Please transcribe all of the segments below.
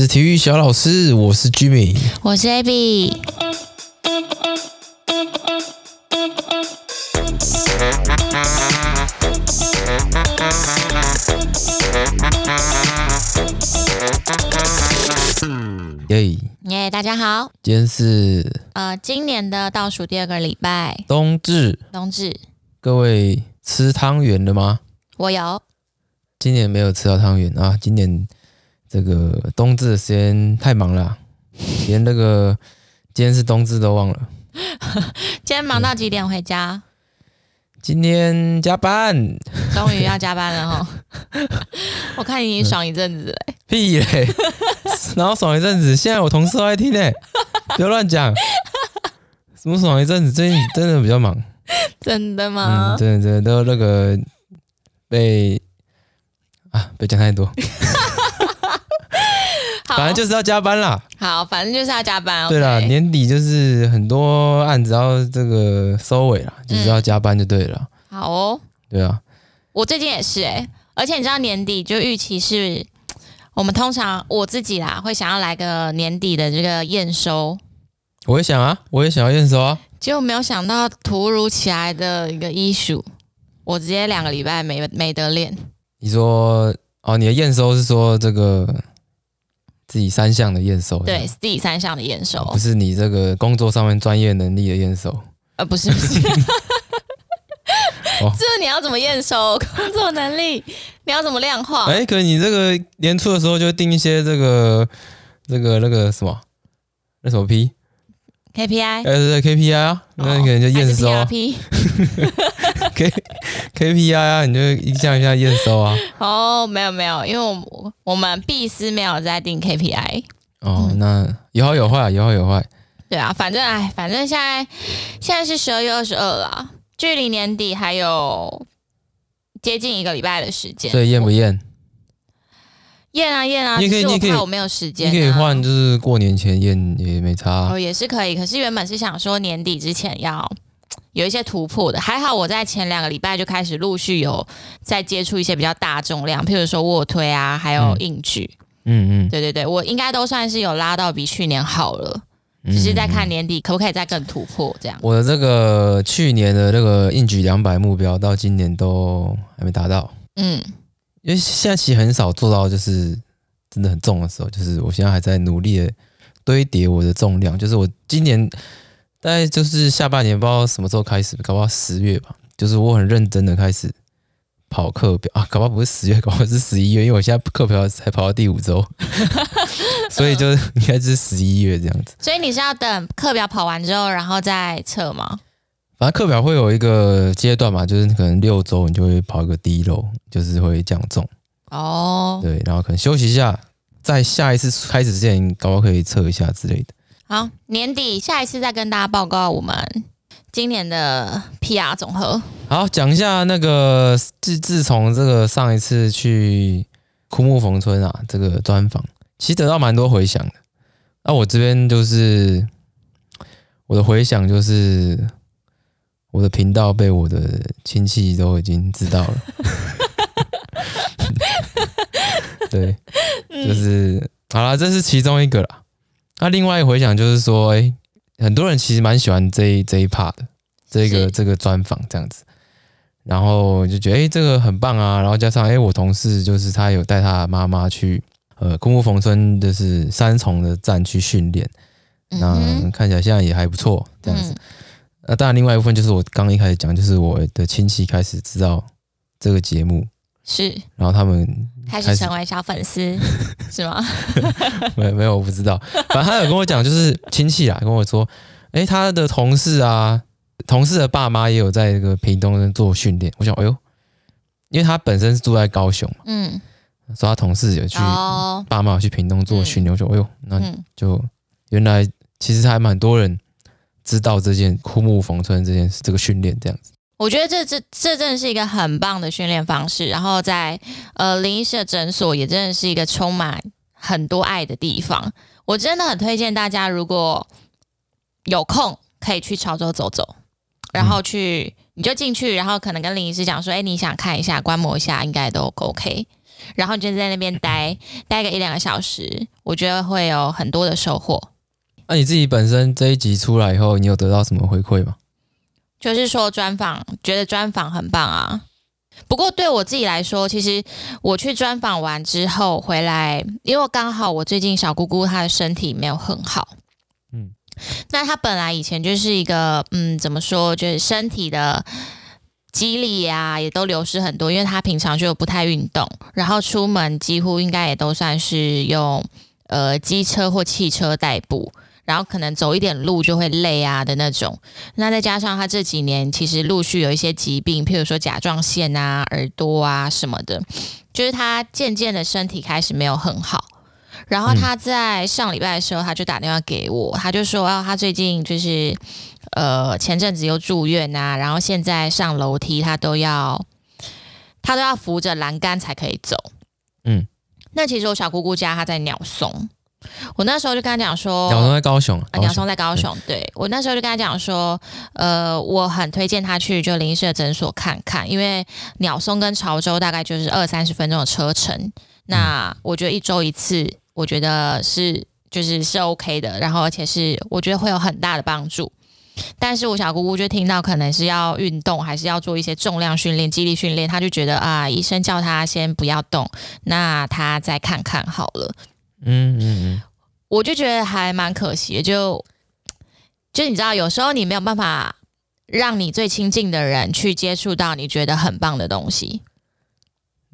是體育小老師，我是 Jimmy，我是 Abby。Hey，耶，大家好，今天是呃今年的倒數第二個禮拜，冬至，冬至，各位吃湯圓了嗎？我有，今年沒有吃到湯圓啊，今年。這個冬至的時間太忙了、啊，連那個今天是冬至都忘了。今天忙到幾點回家？嗯、今天加班，終於要加班了哈！ 我看你已經爽一陣子哎、欸，屁嘞，然後爽一陣子。現在我同事都愛聽呢、欸，別亂講，怎麼爽一陣子？最近真的比較忙，真的嗎？嗯、對真的真的都那個被啊，別講太多。 反正就是要加班啦。好，反正就是要加班。Okay，對啦，年底就是很多案子要這個收尾啦，嗯、就是要加班就對了。好哦。對啊，我最近也是誒、欸，而且你知道年底就預期是，我們通常我自己啦會想要來個年底的這個驗收。我也想啊，我也想要驗收啊。結果沒有想到突如其來的一個醫術，我直接兩個禮拜沒沒得練。你說哦，你的驗收是說這個？自己三項的驗收，對，自己三項的驗收。啊，不是你這個工作上面專業能力的驗收？呃，不是，不是， 哦，這你要怎麼驗收？工作能力你要怎麼量化？哎，可能你這個年初的時候就定一些這個這個那個什麼那什麼 P K P I，呃、對對 K P I 啊。哦，那你可能就驗收啊 P。 K K P I，啊，你就一項一項驗收啊。哦、oh,，沒有沒有，因為我我，我們必須沒有在定 K P I。哦、oh,，那有好有壞、啊，有好有壞。對啊，反正哎，反正現在現在是十二月二十二了，距離年底還有接近一個禮拜的時間。對，驗不驗？驗啊驗啊！你可以，你怕我沒有時間，可以換，以就是過年前驗也沒差、啊。哦、oh,，也是可以，可是原本是想說年底之前要。有一些突破的，還好我在前兩個禮拜就開始陸續有在接觸一些比較大重量，譬如說臥推啊，還有硬舉。嗯嗯，嗯，對對對，我應該都算是有拉到比去年好了，嗯，只是在看年底可不可以再更突破。這樣，我的這個去年的那個硬舉兩百目標到今年都還沒達到。嗯，因為現在其實很少做到，就是真的很重的時候，就是我現在還在努力的堆疊我的重量，就是我今年。大概就是下半年，不知道什麼時候開始，搞不好十月吧。就是我很認真的開始跑課表啊，搞不好不是十月，搞不好是十一月，因為我現在課表才跑到第五周，哈哈哈，所以就應該是十一月這樣子。嗯。所以你是要等課表跑完之後，然後再測嗎？反正課表會有一個階段嘛，就是可能六周你就會跑一個 deload，就是會降重哦。對，然後可能休息一下，在下一次開始之前，搞不好可以測一下之類的。好，年底下一次再跟大家報告我們今年的 PR 總和。好，講一下那個自自從這個上一次去枯木逢春啊，這個專訪，其實得到蠻多回響的。那、啊、我這邊就是我的回響，就是我的頻道被我的親戚都已經知道了。 對，就是、嗯、好了，這是其中一個了。那、啊、另外一回想，就是說，哎，很多人其實蠻喜歡這一這一 part 的，這個這個專訪這樣子，然後就覺得哎，這個很棒啊。然後加上哎，我同事就是他有帶他媽媽去，呃，枯木逢春就是三重的站去訓練、嗯，那看起來現在也還不錯這樣子。那、嗯啊、當然另外一部分就是我剛一開始講，就是我的親戚開始知道這個節目是，然後他們。開始成為小粉絲 是嗎？沒有沒有，我不知道，反正他有跟我講，就是親戚啊跟我說，哎、欸，他的同事啊，同事的爸媽也有在這個屏東做訓練。我想，哎呦，因為他本身是住在高雄嘛，嗯，所以他同事有去，哦、爸媽有去屏東做訓練，我就哎呦，那就原來其實還蠻多人知道這件枯木逢春這件事這個訓練這樣子。我覺得這這這真的是一個很棒的訓練方式，然後在呃林醫師的診所也真的是一個充滿很多愛的地方。我真的很推薦大家，如果有空可以去潮州走走，然後去、嗯、你就進去，然後可能跟林醫師講說：“哎、欸，你想看一下、觀摩一下，應該都 OK。”然後你就在那邊待待個一兩個小時，我覺得會有很多的收穫。那、啊、你自己本身這一集出來以後，你有得到什麼回饋嗎？就是說，專訪覺得專訪很棒啊。不過對我自己來說，其實我去專訪完之後回來，因為剛好我最近小姑姑她的身體沒有很好，嗯，那她本來以前就是一個嗯，怎麼說，就是身體的肌力呀也都流失很多，因為她平常就不太運動，然後出門幾乎應該也都算是用呃機車或汽車代步。然後可能走一點路就會累啊的那種，那再加上他這幾年其實陸續有一些疾病，譬如說甲狀腺啊、耳朵啊什麼的，就是他漸漸的身體開始沒有很好。然後他在上禮拜的時候，他就打電話給我，嗯、他就說，他最近就是呃前陣子又住院啊，然後現在上樓梯他都要他都要扶着欄杆才可以走。嗯，那其實我小姑姑家他在鳥松。我那時候就跟他講說，鳥松在高雄，高雄啊、鳥松在高雄。嗯、對，我那時候就跟他講說，呃，我很推薦他去就林醫師的診所看看，因為鳥松跟潮州大概就是二三十分鐘的車程。那我覺得一周一次，我覺得是就是是 OK 的，然後而且是我覺得會有很大的幫助。但是我小姑姑就聽到可能是要運動，還是要做一些重量訓練、肌力訓練，他就覺得啊、呃，醫生叫他先不要動，那他再看看好了。嗯嗯嗯，我就覺得還蠻可惜，就就你知道，有時候你沒有辦法讓你最親近的人去接觸到你覺得很棒的東西。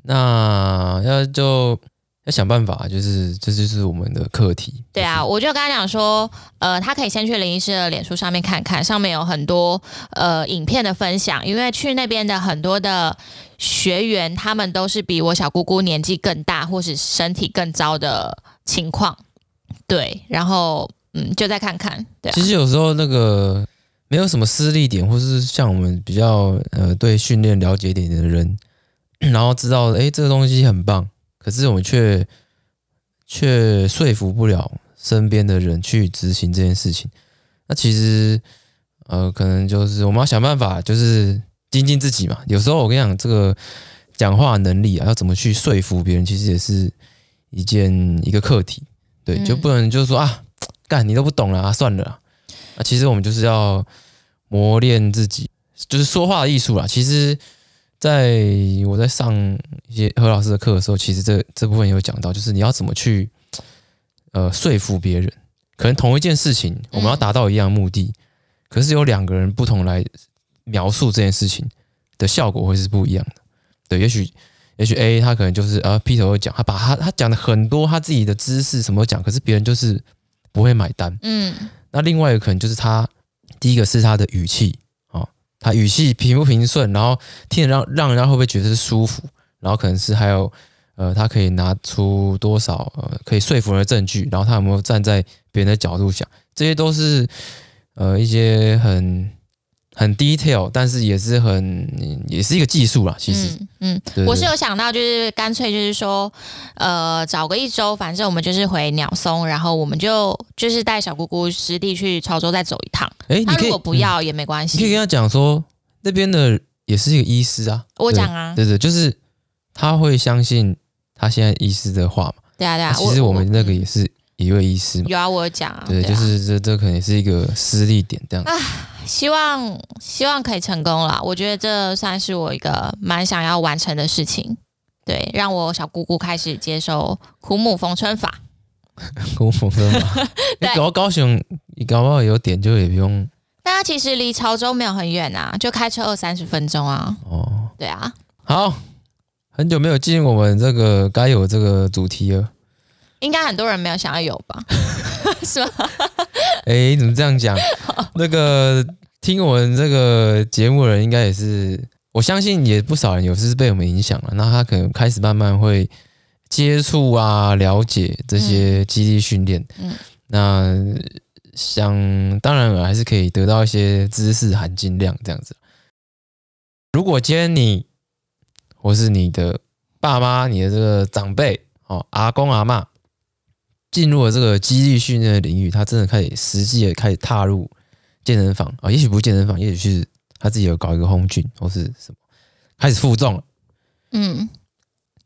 那要就要想辦法，就是這就是我們的課題，就是。對啊，我就跟他講說，呃，他可以先去林醫師的臉書上面看看，上面有很多呃影片的分享，因為去那邊的很多的學員，他們都是比我小姑姑年紀更大，或是身體更糟的。情況，對，然後嗯，就再看看。對啊，其實有時候那個沒有什麼私利點，或是像我們比較呃對訓練了解一點點的人，然後知道哎這個東西很棒，可是我們卻卻說服不了身邊的人去執行這件事情。那其實呃，可能就是我們要想辦法，就是精進自己嘛。有時候我跟你講，這個講話能力啊，要怎麼去說服別人，其實也是。一件一個課題，對，就不能就是說、嗯、啊，幹你都不懂了，啊、算了啦。那、啊、其實我們就是要磨練自己，就是說話的藝術啦。其實，在我在上一些何老師的課的時候，其實這這部分也有講到，就是你要怎麼去呃說服別人。可能同一件事情，我們要達到一樣的目的，嗯、可是有兩個人不同來描述這件事情的效果會是不一樣的。對，也許。H A 他可能就是啊，呃、劈頭會講，他把他他講的很多他自己的知識什麼講，可是別人就是不會買單。嗯，那另外一個可能就是他，第一個是他的語氣啊、哦，他語氣平不平順，然後聽得讓讓人家會不會覺得是舒服，然後可能是還有呃，他可以拿出多少呃可以說服的證據，然後他有沒有站在別人的角度想，這些都是呃一些很。很 detail，但是也是很也是一個技術啦。其實，嗯，嗯對對我是有想到，就是乾脆就是說，呃，找個一周，反正我們就是回鳥松，然後我們就就是帶小姑姑實地去潮州再走一趟。哎，他、啊、如果不要、嗯、也沒關係，你可以跟他講說那邊的也是一個醫師啊，我講啊對，對對，就是他會相信他現在醫師的話嘛？對啊對啊，啊，其實我們那個也是一位醫師嘛，嗯、有啊，我有講啊，對，對啊、就是這這可能也是一個私立點這樣子。啊。希望希望可以成功了，我覺得這算是我一個蠻想要完成的事情。對，讓我小姑姑開始接受枯木逢春法。枯木逢春法，你 搞高雄，搞不好有點就也不用。大家其實離潮州沒有很遠啊，就開車二三十分鐘啊。哦，對啊，好，很久沒有進我們這個該有這個主題了。應該很多人沒有想要有吧？ 是吧哎，怎麼這樣講？ 那個聽我們這個節目的人，應該也是我相信，也不少人有是被我們影響了。那他可能開始慢慢會接觸啊，了解這些肌力訓練。嗯嗯、那想當然爾還是可以得到一些知識含金量這樣子。如果今天你或是你的爸媽、你的這個長輩，哦、啊啊，阿公阿嬤，進入了這個肌力訓練的領域，他真的開始實際的開始踏入健身房啊、哦，也許不是健身房，也許是他自己有搞一個 home gym，或是什麼，開始負重了。嗯，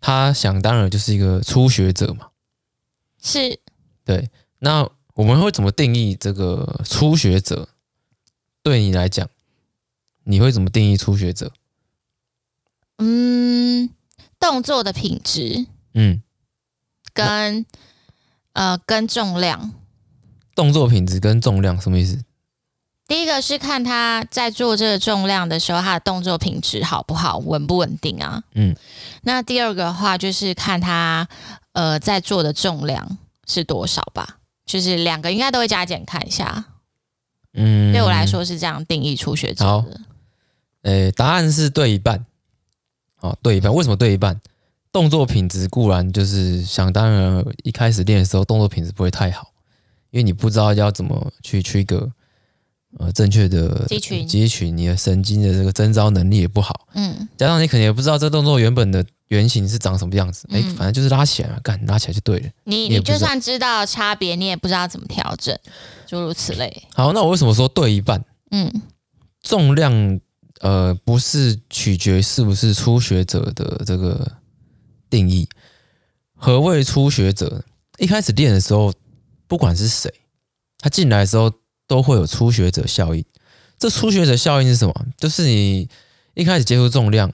他想當然就是一個初學者嘛。是，對。那我們會怎麼定義這個初學者？對你來講，你會怎麼定義初學者？嗯，動作的品質。嗯，跟。呃，跟重量，動作品質跟重量什麼意思？第一個是看他在做這個重量的時候，他的動作品質好不好，穩不穩定啊？嗯。那第二個的話就是看他呃在做的重量是多少吧，就是兩個應該都會加減看一下。嗯，嗯，對我來說是這樣定義初學者。誒、欸，答案是對一半。好、哦，對一半，為什麼對一半？動作品質固然就是想當然，一開始練的時候動作品質不會太好，因為你不知道要怎麼去 trigger，呃，正確的肌群，肌群，你的神經的這個徵召能力也不好，嗯，加上你肯定也不知道這動作原本的原型是長什麼樣子，誒、嗯，欸，反正就是拉起來了，幹拉起來就對了。你你就算知道差別，你也不知道，知道，不知道怎麼調整，諸如此類。好，那我為什麼說對一半？嗯，重量，呃，不是取決於是不是初學者的這個。定義何謂初學者？一開始練的時候，不管是誰，他進來的時候都會有初學者效應。這初學者效應是什麼？就是你一開始接觸重量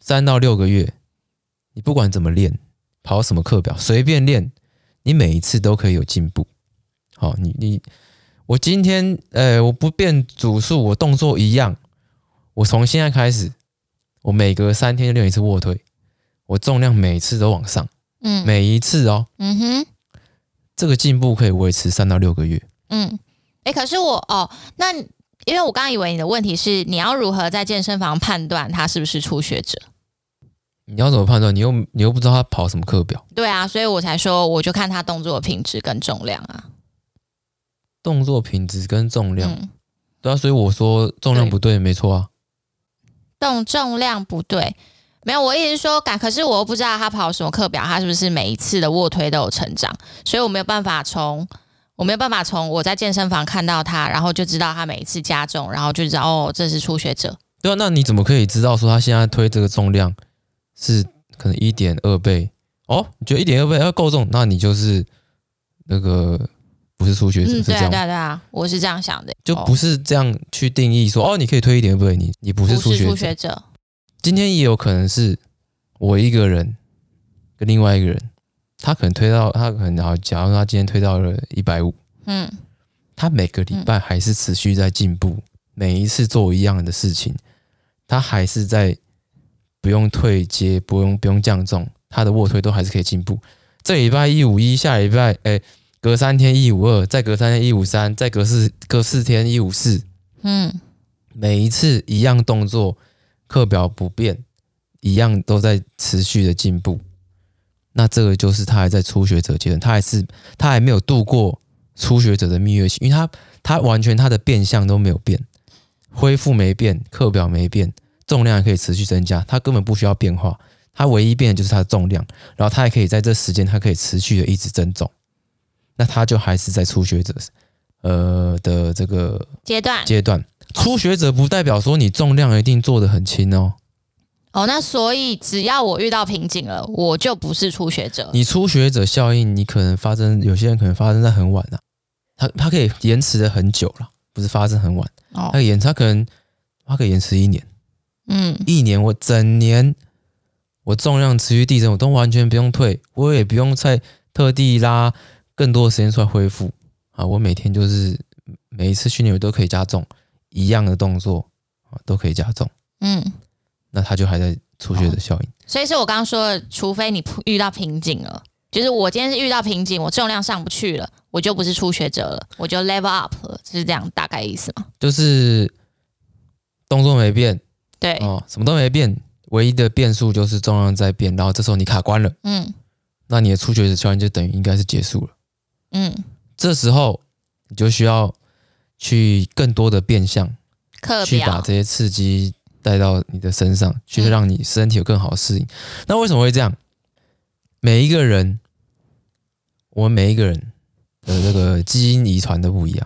三到六個月，你不管怎麼練，跑什麼課表，隨便練，你每一次都可以有進步。好，你你我今天呃，我不變組數，我動作一樣，我從現在開始，我每隔三天就練一次臥推。我重量每一次都往上，嗯，每一次哦，嗯哼，這個進步可以維持三到六個月，嗯，誒、欸，可是我哦，那因為我剛剛以為你的問題是你要如何在健身房判斷他是不是初學者？你要怎麼判斷？你又你又不知道他跑什麼課表？對啊，所以我才說我就看他動作品質跟重量啊，動作品質跟重量、嗯，對啊，所以我說重量不對沒、啊，沒錯啊，動重量不對。沒有，我意思是說，可可是，我又不知道他跑什麼課表，他是不是每一次的臥推都有成長，所以我沒有辦法從，我沒有辦法從我在健身房看到他，然後就知道他每一次加重，然後就知道哦，這是初學者。對啊，那你怎麼可以知道說他現在推這個重量是可能一點二倍？哦，你覺得一點二倍要夠重，那你就是那個不是初學者，是這樣。對啊，對啊，我是這樣想的，就不是這樣去定義說，哦，哦你可以推一點二倍，你你不是初學者，不是初學者。今天也有可能是我一個人跟另外一個人，他可能推到他可能好，假如他今天推到了一百五，嗯，他每個禮拜還是持續在進步，嗯，每一次做一樣的事情，他還是在不用退階，不用不用降重，他的臥推都還是可以進步。這禮拜一五一，下禮拜哎，欸，隔三天一五二，再隔三天一五三，再隔四隔四天一五四，嗯，每一次一樣動作。課表不變，一樣都在持續的進步。那這個就是他還在初學者階段，他還是他還沒有度過初學者的蜜月期，因為他他完全他的變項都沒有變，恢復沒變，課表沒變，重量也可以持續增加，他根本不需要變化，他唯一變的就是他的重量，然後他還可以在這時間，他可以持續的一直增重，那他就還是在初學者呃的這個階段階段。初學者不代表說你重量一定做得很輕哦。哦，那所以只要我遇到瓶頸了，我就不是初學者。你初學者效應，你可能發生，有些人可能發生在很晚啊，他他可以延遲的很久了，不是發生很晚哦，他延他可能他可以延遲一年，嗯，一年我整年我重量持續遞增，我都完全不用退，我也不用再特地拉更多的時間出來恢復啊，我每天就是每一次訓練我都可以加重。一樣的動作啊，都可以加重。嗯，那他就還在初學者效應。哦。所以是我剛剛說的，除非你遇到瓶頸了，就是我今天是遇到瓶頸，我重量上不去了，我就不是初學者了，我就 level up 了，是這樣大概意思嗎？就是動作沒變，對，哦，什麼都沒變，唯一的變數就是重量在變，然後這時候你卡關了，嗯，那你的初學者效應就等於應該是結束了，嗯，這時候你就需要。去更多的變項，去把這些刺激帶到你的身上，嗯、去讓你身體有更好的適應。那為什麼會這樣？每一個人，我們每一個人的這個基因遺傳都不一樣，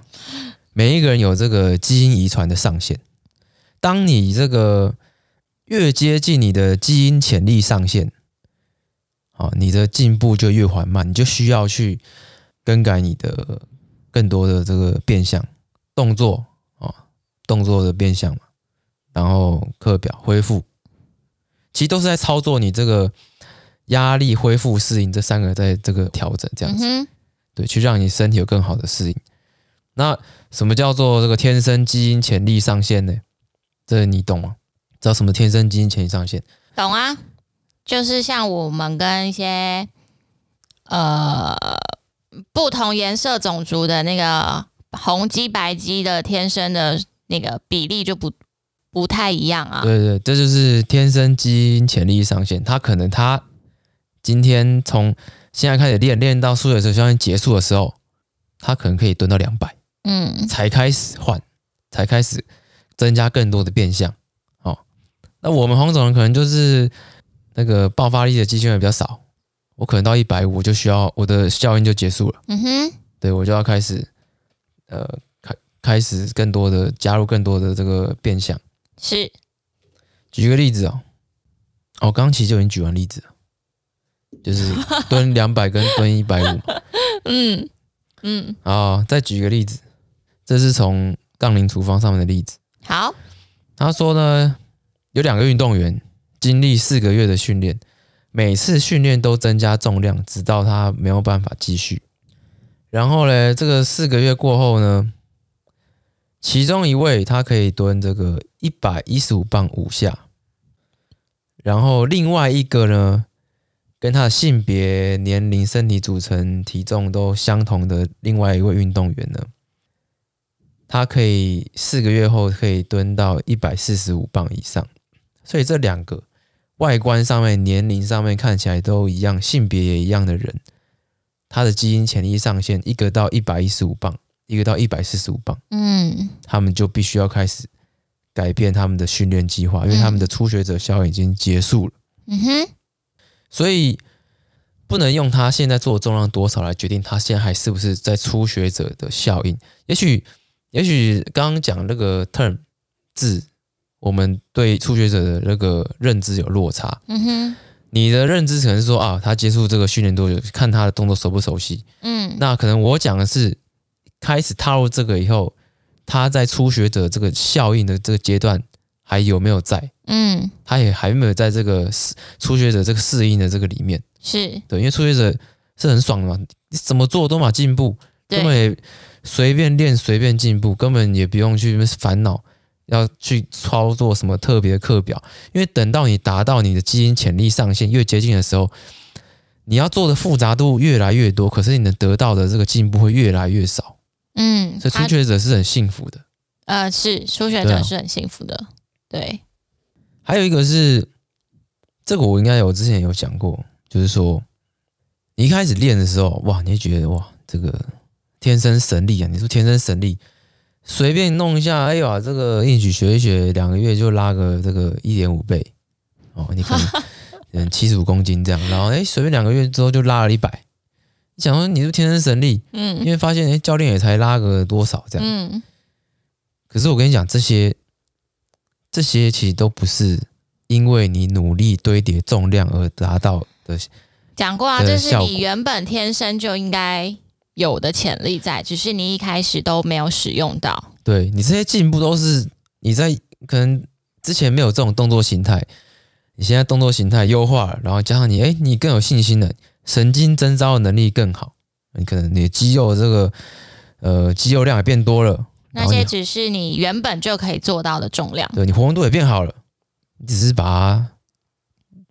每一個人有這個基因遺傳的上限。當你這個越接近你的基因潛力上限，好，你的進步就越緩慢，你就需要去更改你的更多的這個變項。動作啊、哦，動作的變相嘛，然後課表恢復，其實都是在操作你這個壓力恢復適應這三個在這個調整，這樣子、嗯、對，去讓你身體有更好的適應。那什麼叫做這個天生基因潛力上限呢？這個、你懂嗎？知道什麼天生基因潛力上限？懂啊，就是像我們跟一些呃不同顏色種族的那個。紅肌白肌的天生的那個比例就不不太一樣啊。對，對對，這就是天生基因潛力上限。他可能他今天從現在開始練練到初學者效應結束的時候，他可能可以蹲到兩百，嗯，才開始換，才開始增加更多的變相。哦。那我們黃種人可能就是那個爆發力的肌纖維也比較少，我可能到一百五就需要我的效應就結束了。嗯哼，對我就要開始。呃，開開始更多的加入更多的這個變項，是。舉個例子哦，哦，剛其實就已經舉完例子了，就是蹲兩百跟蹲一百五。嗯嗯。啊、哦，再舉個例子，這是從槓鈴處方上面的例子。好，他說呢，有兩個運動員經歷四個月的訓練，每次訓練都增加重量，直到他沒有辦法繼續。然後呢，這個四個月過後呢，其中一位他可以蹲這個一百一十五磅五下，然後另外一個呢，跟他的性別、年齡、身體組成、體重都相同的另外一位運動員呢，他可以四個月後可以蹲到一百四十五磅以上。所以這兩個外觀上面、年齡上面看起來都一樣，性別也一樣的人。他的基因潛力上限，一個到一百一十五磅，一個到一百四十五磅，嗯，他們就必須要開始改變他們的訓練計劃，因為他們的初學者效應已經結束了。嗯哼，所以不能用他現在做的重量多少來決定他現在還是不是在初學者的效應。也許，也許剛剛講那個 term 字，我們對初學者的那個認知有落差。嗯哼。你的認知可能是說啊，他接觸這個訓練多久，看他的動作熟不熟悉。嗯，那可能我講的是，開始踏入這個以後，他在初學者這個效應的這個階段還有沒有在？嗯，他也還沒有在這個適初學者這個適應的這個裡面。是。對，因為初學者是很爽的嘛，怎麼做都嘛進步，根本也隨便練，隨便進步，根本也不用去煩惱。要去操作什麼特別的課表，因為等到你達到你的基因潛力上限越接近的時候，你要做的複雜度越來越多，可是你能得到的這個進步會越來越少。嗯，所以初學者是很幸福的。呃，是初學者、啊、是很幸福的。對。還有一個是，這個我應該有之前有講過，就是說你一開始練的時候，哇，你會覺得哇，這個天生神力啊，你是不是天生神力？隨便弄一下，哎喲、啊、這個硬舉學一學，兩個月就拉個這個一點五倍，哦，你可能，嗯，七十五公斤這樣，然後哎，欸，隨便兩個月之後就拉了一百，你想說你是天生神力，嗯，因為發現哎、欸、教練也才拉個多少這樣，嗯，可是我跟你講，這些這些其實都不是因為你努力堆疊重量而達到的，講過啊，就是你原本天生就應該。有的潛力在，只是你一開始都沒有使用到。對，你這些進步都是你在可能之前沒有這種動作形態，你現在動作形態優化了，然後加上你哎，你更有信心了，神經徵召的能力更好，你可能你的肌肉這個呃肌肉量也變多了。那些只是你原本就可以做到的重量。對，你活動度也變好了，你只是把它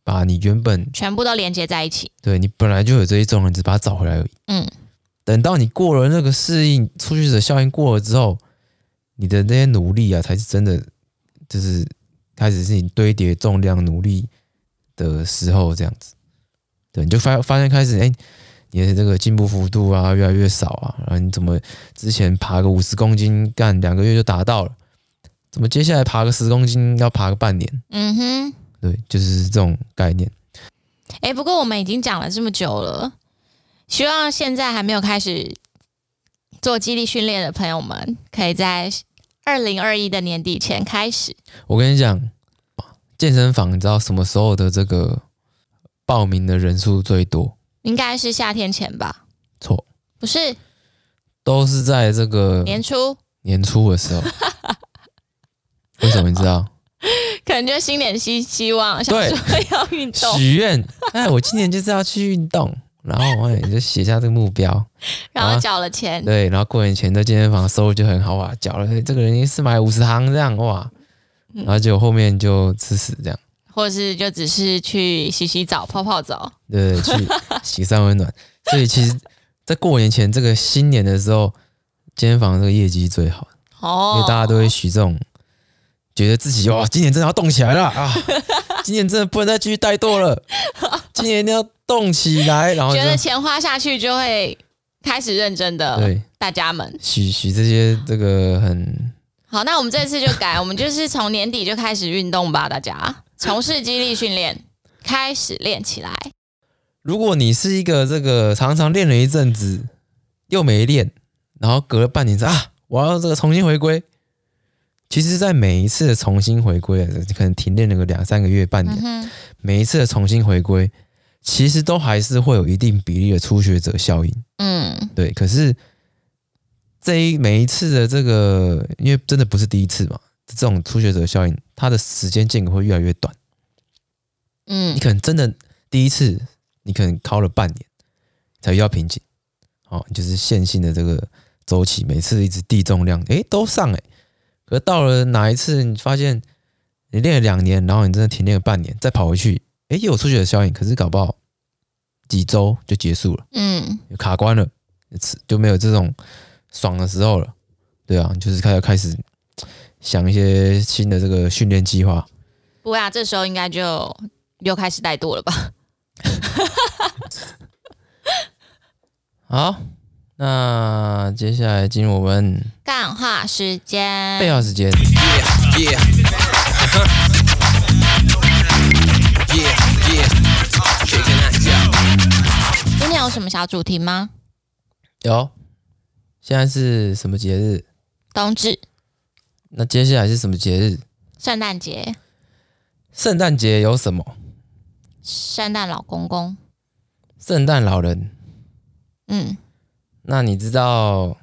把你原本全部都連接在一起。對，你本來就有這些重量，你只把它找回來而已。嗯。等到你過了那個適應初學者效應過了之後，你的那些努力啊，才是真的，就是開始是你堆疊重量努力的時候，這樣子。對，你就發發現開始，哎、欸，你的這個進步幅度啊越來越少啊，然後你怎麼之前爬個五十公斤幹兩個月就達到了，怎麼接下來爬個十公斤要爬個半年？嗯哼，對，就是這種概念。哎、欸，不過我們已經講了這麼久了。希望現在還沒有開始做肌力訓練的朋友們，可以在二零二一的年底前開始。我跟你講，健身房你知道什麼時候的這個報名的人數最多？應該是夏天前吧？錯，不是，都是在這個年初年初的時候。 為什麼你知道？ 可能就新年希希望，想說要運動，對，許願。哎，我今年就是要去運動。然後我、哎，也就寫下這個目標，然後繳了錢。啊、對，然後過年前在健身房收入就很好啊，繳了這個人是買五十堂這樣哇、嗯，然後就後面就吃屎這樣，或者是就只是去洗洗澡、泡泡澡，對，去洗三溫暖。 所以其實，在過年前這個新年的時候，健身房這個業績最好哦，因為大家都會許這種，覺得自己哇，今年真的要動起來了啊，今年真的不能再繼續怠惰了。 今年一定要動起來，然後覺得錢花下去就會開始認真的。對大家們許許這些、嗯、這個很好。那我們這次就改， 我們就是從年底就開始運動吧，大家從事肌力訓練，開始練起來。如果你是一個這個常常練了一陣子又沒練，然後隔了半年說啊，我要這個重新回歸。其實，在每一次的重新回歸，可能停練了個兩三個月、半年，嗯、每一次的重新回歸。其實都還是會有一定比例的初學者效應。嗯，對。可是這一每一次的這個，因為真的不是第一次嘛，這種初學者效應，它的時間間隔會越來越短。嗯，你可能真的第一次，你可能考了半年才遇到瓶頸。好、哦，你就是線性的這個周期，每一次一直遞重量，誒，都上誒。可是到了哪一次，你發現你練了兩年，然後你真的停練了半年，再跑回去。哎、欸，也有初學者效應，可是搞不好幾週就結束了，嗯，卡關了，就沒有這種爽的時候了，對啊，就是開始開始想一些新的這個訓練計劃。不會啊，這時候應該就又開始怠惰了吧？對對對 好，那接下來進入我們幹話時間。廢話時間。 有什麼小主題嗎？有，現在是什麼節日？冬至。那接下來是什麼節日？聖誕節。聖誕節有什麼？聖誕老公公，聖誕老人。嗯，那你知道，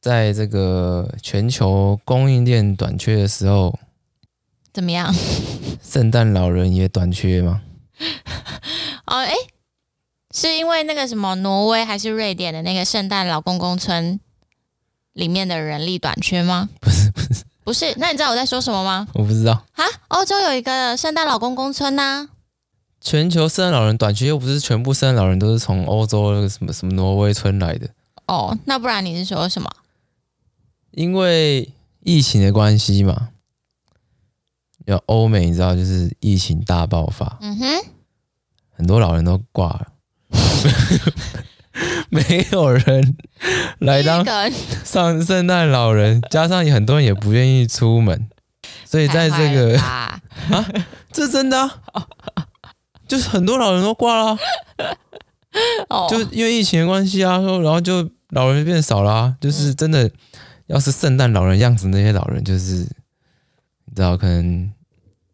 在這個全球供應鏈短缺的時候，怎麼樣？聖誕老人也短缺嗎？哦，哎、欸。是因為那個什麼挪威還是瑞典的那個聖誕老公公村裡面的人力短缺嗎？不是不是不是，那你知道我在說什麼嗎？我不知道。啊，歐洲有一個聖誕老公公村吶、啊。全球聖誕老人短缺，又不是全部聖誕老人都是從歐洲那個什麼什麼挪威村來的哦，那不然你是說什麼？因為疫情的關係嘛，有歐美你知道就是疫情大爆發，嗯哼，很多老人都掛了。 沒有人來當上聖誕老人，加上很多人也不願意出門，所以在這個啊，這真的、啊，就是很多老人都掛了、啊哦，就因為疫情的關係啊，然後就老人變少了、啊，就是真的。要是聖誕老人樣子那些老人，就是你知道，可能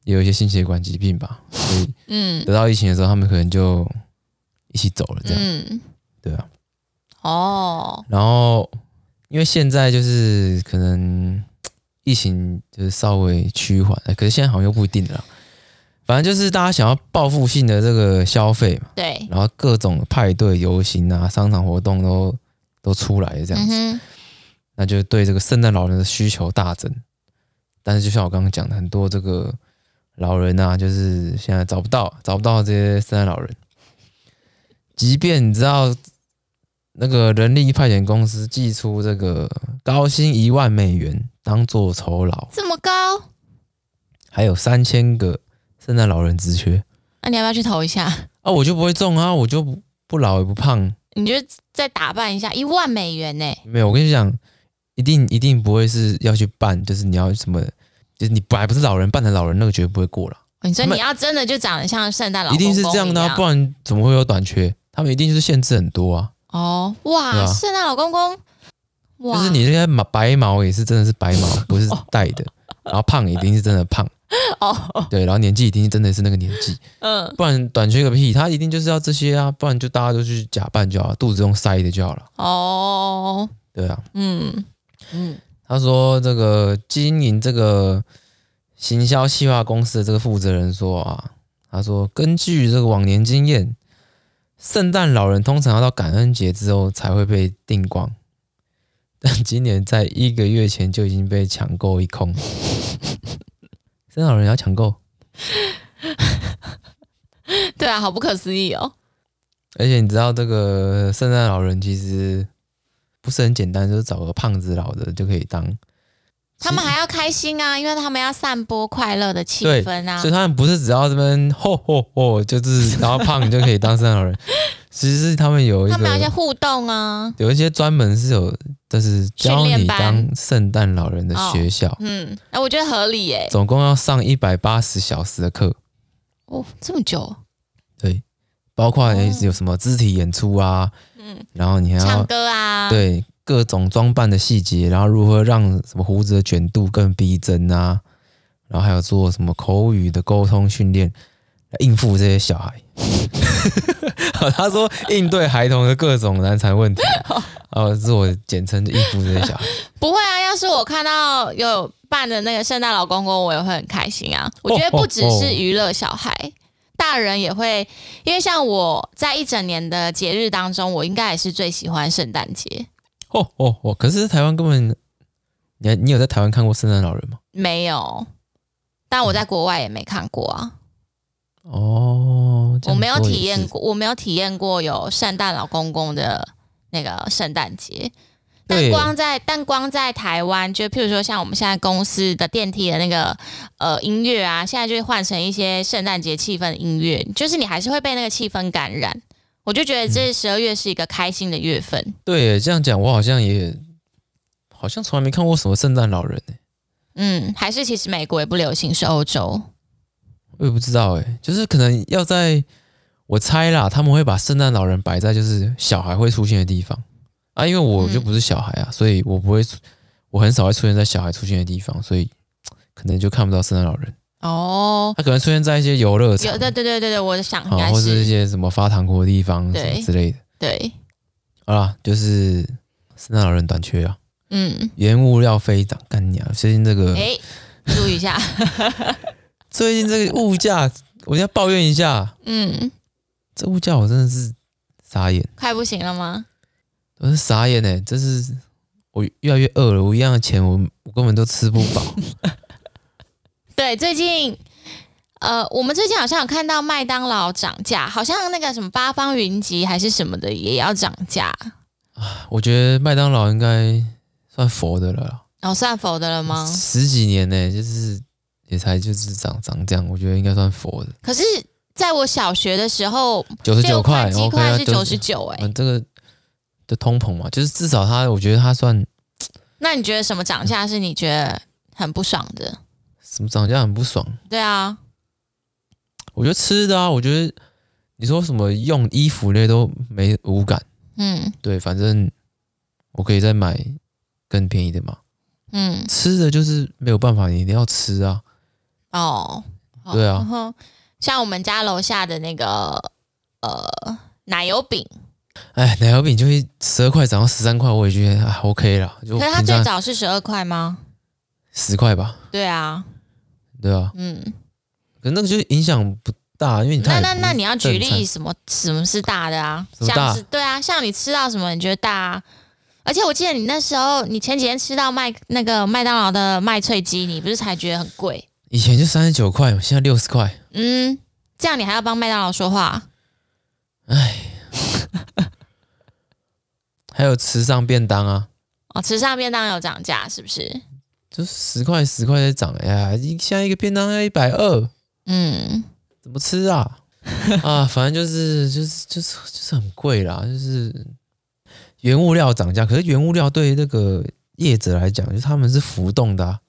也有一些心血管疾病吧，所以嗯，得到疫情的時候，他們可能就。一起走了，這樣、嗯，對啊，哦，然後因為現在就是可能疫情就是稍微趨緩、欸，可是現在好像又不一定了。反正就是大家想要報復性的這個消費嘛，對，然後各種派對、遊行啊、商場活動都都出來這樣子，嗯、那就對這個聖誕老人的需求大增。但是就像我剛剛講的，很多這個老人吶、啊，就是現在找不到，找不到這些聖誕老人。即便你知道那個人力派遣公司寄出這個高薪一萬美元當做酬勞，這麼高，還有三千個聖誕老人職缺，那、啊、你要不要去投一下？啊，我就不會中啊，我就不不老也不胖，你就再打扮一下，一萬美元呢、欸？沒有，我跟你講，一定一定不會是要去辦，就是你要什麼，就是你本來不是老人辦的老人，那個絕對不會過了。你說你要真的就長得像聖誕老人，一定是這樣的、啊，不然怎麼會有短缺？他們一定就是限制很多啊！哦、oh，哇！聖誕老公公，就是你這個毛白毛也是真的是白毛，不是帶的。 然後胖一定是真的胖哦，oh. 對，然後年紀一定是真的是那個年紀，嗯、oh.，不然短缺個屁，他一定就是要這些啊，不然就大家都去假扮就好了，肚子用塞的就好了。哦、oh.，對啊，嗯嗯，他說這個經營這個行銷企劃公司的這個負責人說啊，他說根據這個往年經驗。聖誕老人通常要到感恩節之後才會被訂光，但今年在一個月前就已經被搶購一空。聖 誕老人要搶購？ 對啊，好不可思議哦！而且你知道，這個聖誕老人其實不是很簡單，就是找個胖子老的就可以當。他們還要開心啊，因為他們要散播快樂的氣氛啊，所以他們不是只要這邊吼吼吼就是然後胖你就可以當聖誕老人。 其實他們有一，他們有一些互動啊，有一些專門是有就是教你當聖誕老人的學校。哦、嗯，哎、啊，我覺得合理耶、欸。總共要上一百八十小時的課，哦，這麼久？對，包括有什麼肢體演出啊，嗯，然後你還要唱歌啊，對。各種裝扮的細節，然後如何讓什麼鬍子的捲度更逼真啊，然後還有做什麼口語的溝通訓練，來應付這些小孩。 他說應對孩童的各種難纏問題，哦， 是我簡稱應付這些小孩。不會啊，要是我看到有扮的那個聖誕老公公，我也會很開心啊。我覺得不只是娛樂小孩哦哦哦，大人也會，因為像我在一整年的節日當中，我應該也是最喜歡聖誕節。哦哦哦！可是台灣根本，你你有在台灣看過聖誕老人嗎？沒有，但我在國外也沒看過啊。哦，我沒有體驗過，我沒有體驗過有聖誕老公公的那個聖誕節。但光在但光在台灣，就是譬如說像我們現在公司的電梯的那個呃音樂啊，現在就會換成一些聖誕節氣氛的音樂，就是你還是會被那個氣氛感染。我就覺得這十二月是一個開心的月份。嗯、對，這樣講我好像也好像從來沒看過什麼聖誕老人呢。嗯，還是其實美國也不流行，是歐洲。我也不知道誒，就是可能要在我猜啦，他們會把聖誕老人擺在就是小孩會出現的地方啊，因為我就不是小孩啊，嗯、所以我不會我很少會出現在小孩出現的地方，所以可能就看不到聖誕老人。哦、oh，它可能出現在一些遊樂場，有，對對對對，我想哦，是、啊、或者是一些什麼發糖果的地方什麼之類的，對，好了，就是聖誕老人短缺啊，嗯，原物料飛漲，幹你啊！最近這個，誒注意一下， 最近這個物價， 我要抱怨一下，嗯，這物價我真的是傻眼，快不行了嗎？我是傻眼哎、欸，這是我越來越餓了，我一樣的錢我，我我根本都吃不飽。 對，最近，呃，我們最近好像有看到麥當勞漲價，好像那個什麼八方雲集還是什麼的也要漲價啊。我覺得麥當勞應該算佛的了，哦，算佛的了嗎？十幾年呢，就是也才就是漲漲這樣，我覺得應該算佛的。可是，在我小學的時候，九十九塊雞塊是九十九哎，這個的通膨嘛，就是至少它，我覺得它算。那你覺得什麼漲價是你覺得很不爽的？怎麼漲價很不爽？對啊，我覺得吃的啊，我覺得你說什麼用衣服類都沒無感。嗯，對，反正我可以再買更便宜的嘛。嗯，吃的就是沒有辦法，你一定要吃啊。哦，對啊，像我們家樓下的那個呃奶油餅，哎，奶油餅就是十二塊漲到十三塊，我也覺得啊 OK 了。可是它最早是十二塊嗎？十塊吧。對啊。對啊，嗯，可那個就是影響不大，因為你那那那你要舉例什麼什麼是大的啊？這樣子，對啊，像你吃到什麼你覺得大啊，而且我記得你那時候，你前幾天吃到麥那個麥當勞的麥脆雞，你不是才覺得很貴？以前就三十九塊，現在六十塊。嗯，這樣你還要幫麥當勞說話？哎， 還有慈善便當啊？哦，慈善便當有漲價是不是？就十塊十塊的漲，哎呀，一，像一個便當要一百二，嗯，怎麼吃啊？ 啊，反正就是就是就是就是很貴啦，就是原物料漲價。可是原物料對於那個業者來講，就是、他們是浮動的、啊，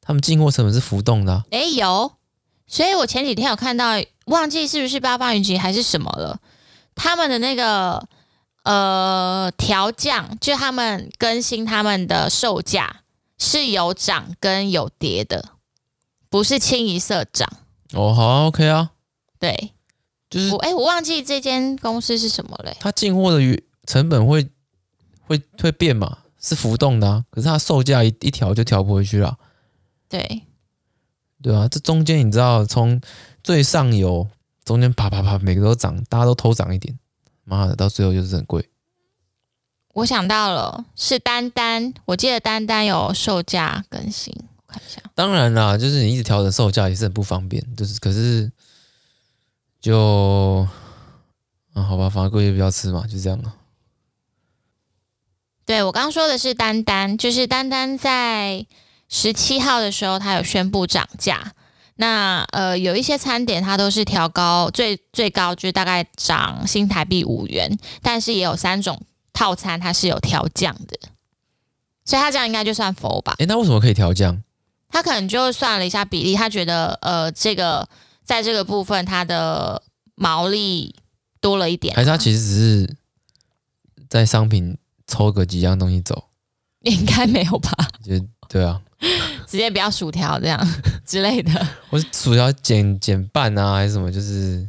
他們進貨成本是浮動的、啊。誒、欸，有，所以我前幾天有看到，忘記是不是八方雲集還是什麼了，他們的那個呃調降，就他們更新他們的售價。是有漲跟有跌的，不是清一色漲。哦，好 o k 啊。對，就是我哎、欸，我忘記這間公司是什麼嘞？它進貨的原成本會會會變嘛，是浮動的、啊，可是它售價一一條就調不回去了。對，對啊，這中間你知道，從最上游中間啪啪啪，每個都漲，大家都偷漲一點，媽的，到最後就是很貴。我想到了，是丹丹。我記得丹丹有售價更新，我看一下。當然啦，就是你一直調整售價也是很不方便，就是可是就，嗯，好吧，反正過去比較吃嘛，就這樣了。對，我剛說的是丹丹，就是丹丹在十七號的時候，他有宣佈漲價。那呃，有一些餐點它都是調高，最最高就是大概漲新台幣五元，但是也有三種。套餐它是有調降的，所以它這樣應該就算否吧？誒、欸，那為什麼可以調降？他可能就算了一下比例，他覺得呃，這個在這個部分它的毛利多了一點。還是他其實只是在商品抽個幾樣東西走？應該沒有吧？就對啊， 直接不要薯條這樣之類的。我是薯條減減半啊，還是什麼？就是。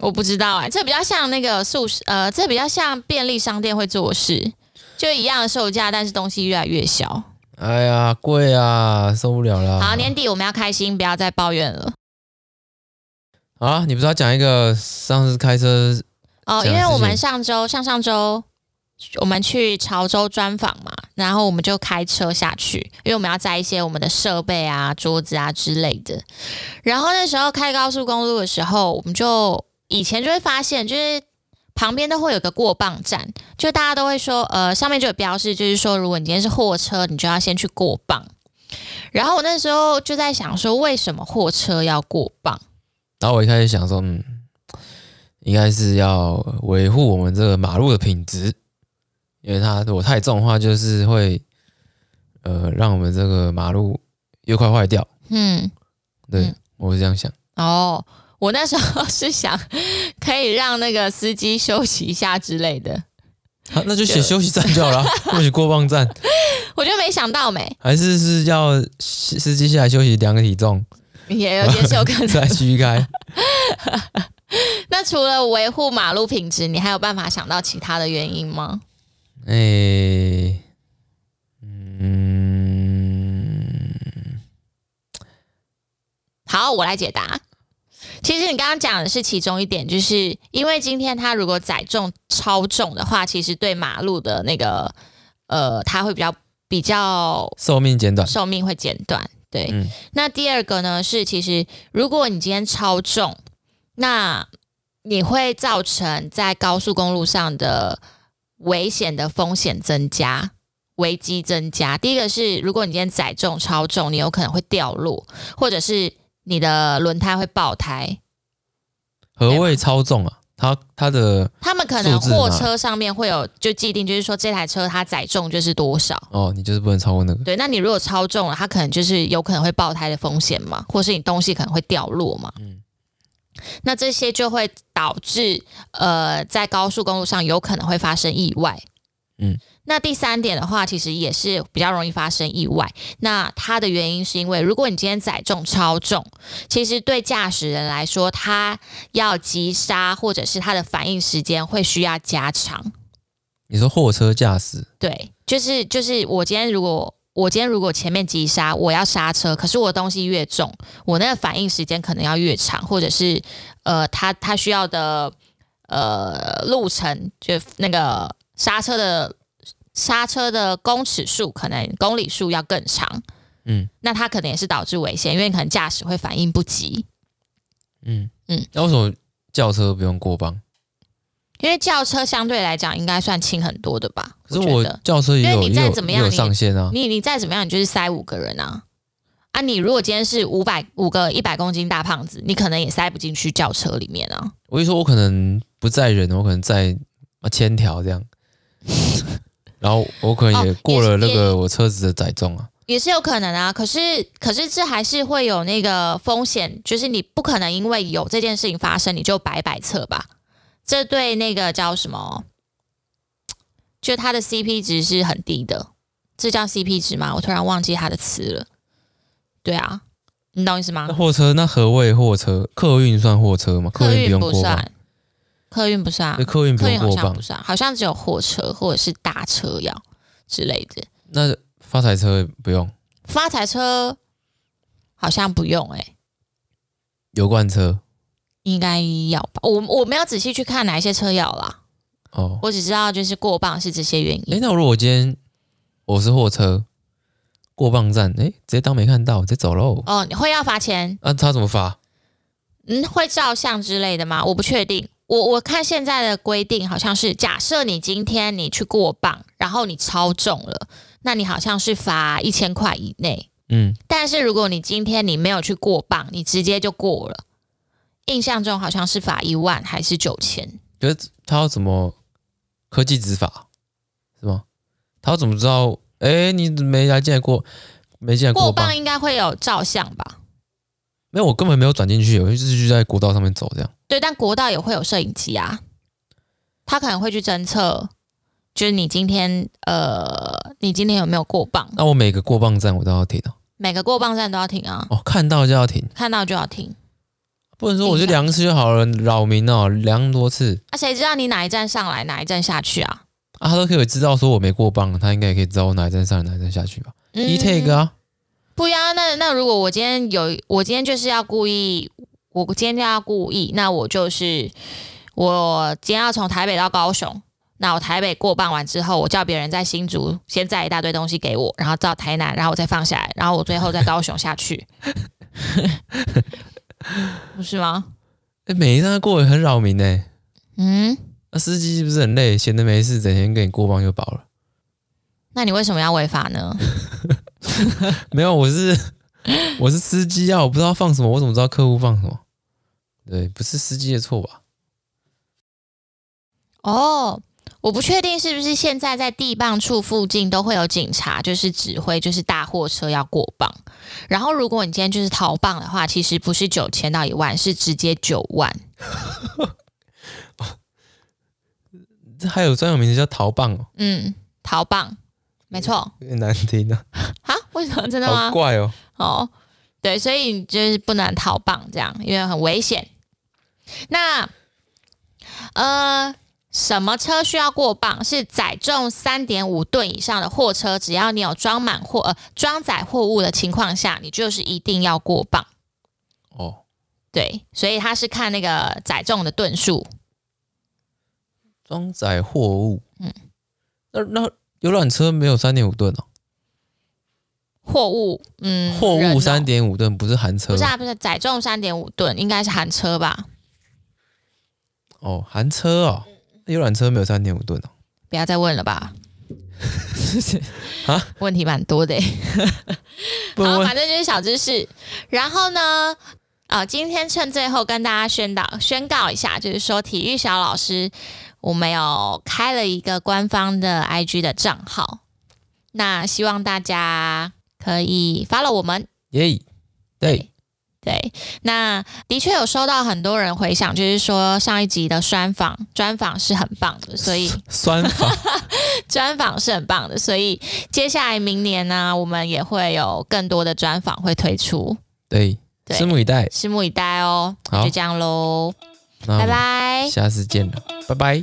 我不知道哎、欸，這比較像那個宿呃，這比較像便利商店會做事，就一樣的售價，但是東西越來越小。哎呀，貴啊，受不了了。好，年底我們要開心，不要再抱怨了。好、啊，你不是要講一個上次開車？哦，因為我們上周上上周我們去潮州專訪嘛，然後我們就開車下去，因為我們要載一些我們的設備啊、桌子啊之類的。然後那時候開高速公路的時候，我們就。以前就會發現，就是旁邊都會有個過磅站，就大家都會說，呃，上面就有標示，就是說，如果你今天是貨車，你就要先去過磅。然後我那時候就在想說，為什麼貨車要過磅？然後我一開始想說，嗯，應該是要維護我們這個馬路的品質，因為它如果太重的話，就是會呃讓我們這個馬路又快壞掉。嗯，對，嗯，我是這樣想。哦。我那時候是想可以讓那個司機休息一下之類的，好，那就寫休息站就好了， 或者過磅站。 我就沒想到沒，還是是要司機下來休息，量個體重，也有檢修可能， 再繼續開。 那除了維護馬路品質，你還有辦法想到其他的原因嗎？哎、欸，嗯，好，我來解答。其實你剛剛講的是其中一點，就是因為今天它如果載重超重的話，其實對馬路的那個呃，它會比較比較壽命減短，壽命會減短。對、嗯，那第二個呢是，其實如果你今天超重，那你會造成在高速公路上的危險的風險增加、危機增加。第一個是，如果你今天載重超重，你有可能會掉落，或者是。你的輪胎會爆胎，何謂超重啊？它它的他們可能貨車上面會有就既定，就是說這台車它載重就是多少哦，你就是不能超過那個。對，那你如果超重了，它可能就是有可能會爆胎的風險嘛，或是你東西可能會掉落嘛。嗯，那這些就會導致呃，在高速公路上有可能會發生意外。嗯。那第三點的話，其實也是比較容易發生意外。那它的原因是因為，如果你今天載重超重，其實對駕駛人來說，他要急剎或者是他的反應時間會需要加長。你說貨車駕駛？對，就是就是我今天如果我今天如果前面急剎，我要剎車，可是我東西越重，我那個反應時間可能要越長，或者是呃，他他需要的呃路程就那個剎車的。剎車的公尺數可能公里數要更長，嗯，那它可能也是導致危險，因為你可能駕駛會反應不及。嗯嗯，那為什麼轎車不用過磅？因為轎車相對來講應該算輕很多的吧？可是我轎車也有，因為你再怎麼樣你上限啊，你你再怎麼樣你就是塞五個人啊。啊，你如果今天是五百五個一百公斤大胖子，你可能也塞不進去轎車裡面啊。我跟你說，我可能不載人，我可能載啊千條這樣。 然後我可能也過了那個我車子的載重啊。哦，也也，也是有可能啊。可是，可是這還是會有那個風險，就是你不可能因為有這件事情發生，你就擺擺測吧。這對那個叫什麼，就他的 CP 值是很低的，這叫 CP 值嗎？我突然忘記他的詞了。對啊，你懂意思嗎？那貨車，那何謂貨車？客運算貨車嗎？客運不用過貨，客運不算。客運不是啊，那客運不用過磅不是啊，好像只有貨車或者是大車要之類的。那發財車不用？發財車好像不用哎、欸。油罐車應該要吧？我我沒有仔細去看哪一些車要了哦。我只知道就是過磅是這些原因。哎、欸，那我如果今天我是貨車過磅站，哎、欸，直接當沒看到，直接走嘍？哦，你會要罰錢？那、啊、他怎麼罰？嗯，會照相之類的嗎？我不確定。我我看現在的規定好像是，假設你今天你去過磅，然後你超重了，那你好像是罰一千塊以內。嗯，但是如果你今天你沒有去過磅，你直接就過了。印象中好像是罰一萬還是九千。可是他要怎麼科技執法是嗎？他要怎麼知道？哎，你沒來見過，沒見過磅。過磅應該會有照相吧？沒有，我根本沒有轉進去，我一直就在國道上面走這樣。對，但國道也會有攝影機啊，他可能會去偵測，就是你今天呃，你今天有沒有過磅？那、啊、我每個過磅站我都要停、啊，每個過磅站都要停啊。哦，看到就要停，看到就要停，不能說我就量一次就好了，擾民哦，量多次。啊，誰知道你哪一站上來，哪一站下去啊？啊，他都可以知道說我沒過磅，他應該也可以知道我哪一站上來，哪一站下去吧？一、嗯 eTag 啊，不一樣。那那如果我今天有，我今天就是要故意。我今天要故意，那我就是我今天要從台北到高雄。那我台北過磅完之後，我叫別人在新竹先載一大堆東西給我，然後到台南，然後我再放下來，然後我最後在高雄下去， 不是嗎？哎、欸，每一站過也很擾民哎、欸。嗯，那司機是不是很累？閒的沒事，整天跟你過磅就飽了。那你為什麼要違法呢？ 沒有，我是。我是司機啊，我不知道放什麼，我怎麼知道客戶放什麼？對，不是司機的錯吧？哦，我不確定是不是現在在地磅處附近都會有警察，就是指揮，就是大貨車要過磅。然後，如果你今天就是逃磅的話，其實不是九千到一萬，是直接九萬。這 還有專有名詞叫逃磅哦。嗯，逃磅，沒錯。有點難聽啊。啊？為什麼？真的嗎？好怪哦。哦，對，所以你就是不能逃磅這樣，因為很危險。那呃，什麼車需要過磅？是載重三點五噸以上的貨車，只要你有裝滿貨、呃、裝載貨物的情況下，你就是一定要過磅。哦，對，所以他是看那個載重的噸數，裝載貨物。嗯，那那遊覽車沒有三點五噸哦？貨物，嗯，貨物三點五噸不是含車，不是啊，不是載重三點五噸，應該是含車吧？哦，含車哦，有、嗯、遊覽車沒有三點五噸哦？不要再問了吧，啊， 問題蠻多的 不。好，反正就是小知識。然後呢，啊、哦，今天趁最後跟大家宣導宣告一下，就是說體育小老師，我們有開了一個官方的 IG 的賬號，那希望大家。可以 follow 我們耶、yeah，對對，那的確有收到很多人回響，就是說上一集的專訪，專訪是很棒的，所以專訪 專訪是很棒的，所以接下來明年呢、啊，我們也會有更多的專訪會推出，對，對，拭目以待，拭目以待哦，好，就這樣嘍，拜拜，下次見了，拜拜。